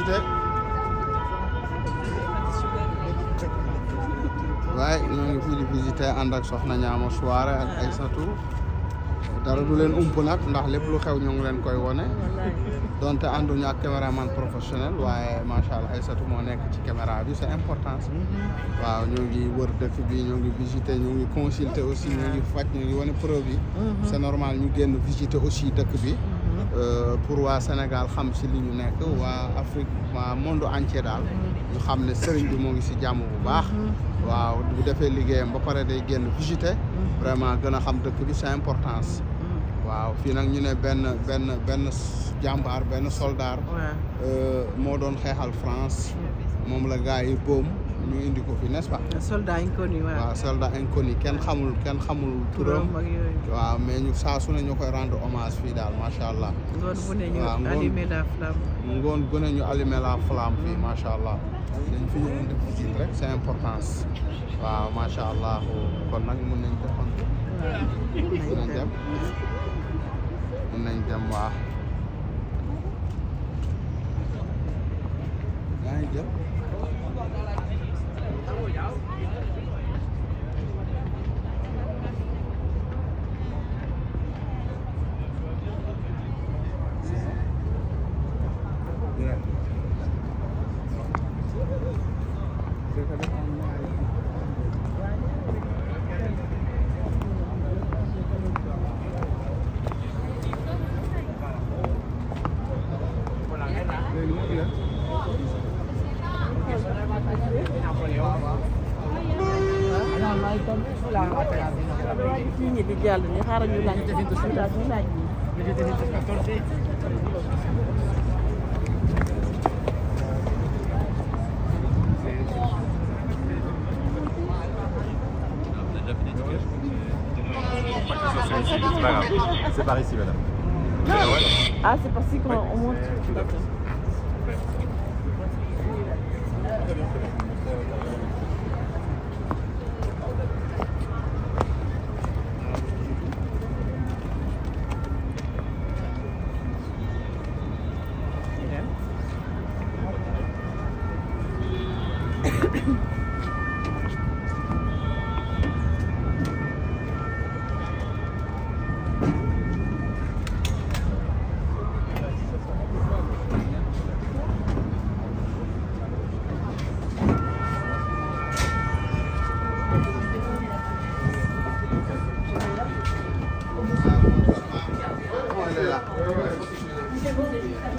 cité waaye ñoo ngi fii di visité ànd ak soxna ñaama soirée ak ay satu dara du leen ump nag ndax lépp lu xew ñu ngi leen koy wone donte ànduñu ak man professionnel waaye macha allah ay satu moo nekk ci caméra bi c'est importance waaw ñoo ngi wër dëkk bi ñoo ngi visité ñoo ngi consulté aussi ñoo ngi faj ñoo ngi wane preuve yi c'est normal ñu génn visité aussi dëkk bi Euh, pour waa Sénégal xam si li ñu nekk waa Afrique waa monde entier daal ñu xam ne sëriñ bi moo ngi si jàmm bu baax mm-hmm. waaw bu defee liggéeyam ba pare day génn visiter mm-hmm. vraiment gën a xam dëkk bi sa importance mm-hmm. waaw fii nag ñu ne benn benn benn jàmbaar benn soldat euh, moo doon xeexal France moom la gars yi boom ñu indi ko fi n'est-ce pas. soldat inconnu waaw waaw soldat kenn xamul kenn xamul. turam waaw mais ñu saa su ne ñu koy rendre hommage fii daal macha allah. ngoon bu ne ñu allumer la flamme. ngoon bu ne ñu allumer la flamme macha allah. dañ fi ñëwoon rek c'est importance. waaw macha allah kon nag mun nañ defoon. mun nañ dem mun nañ dem waaw. yaa ngi jël. Ini di jalan ya, karena jualan. Ini di situ sudah, ini lagi. Ini di situ 14. C'est pas grave. C'est par ici, madame. Ah, c'est par ici qu'on oui. monte. Tout à fait. Thank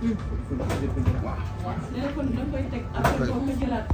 waaw. waaw nee na kon da nga koy teg après boo ko jëlaat.